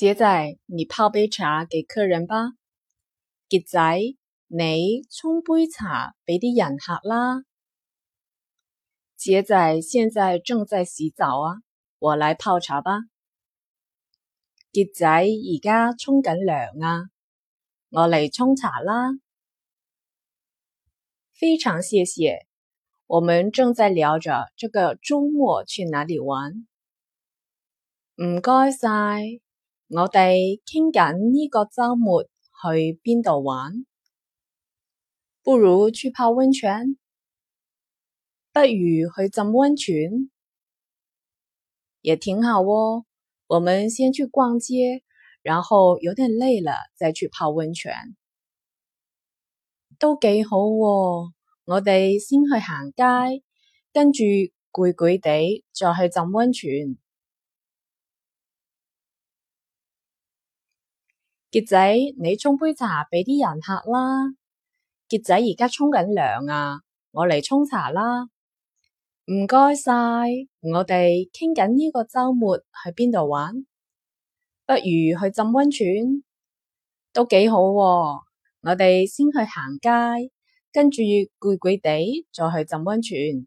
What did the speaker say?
杰仔，你泡杯茶給客人吧。杰仔，你沖杯茶俾啲人客啦。杰仔現在正在洗澡啊，我來泡茶吧。杰仔而家沖緊涼啊，我嚟沖茶啦。非常謝謝。我們正在聊着這個周末去哪裏玩。唔該晒。我哋傾緊呢個周末去邊度玩？不如去泡溫泉，不如去浸溫泉，也挺好喎、哦。我們先去逛街，然後有點累了再去泡溫泉，都幾好、哦。我哋先去行街，跟住攰攰地再去浸溫泉。傑仔，你沖杯茶畀啲人客啦。傑仔而家沖緊涼啊，我嚟沖茶啦。唔該晒。我哋傾緊呢個周末去邊度玩？不如去浸溫泉，都幾好喎。我哋先去行街，跟住攰攰地再去浸溫泉。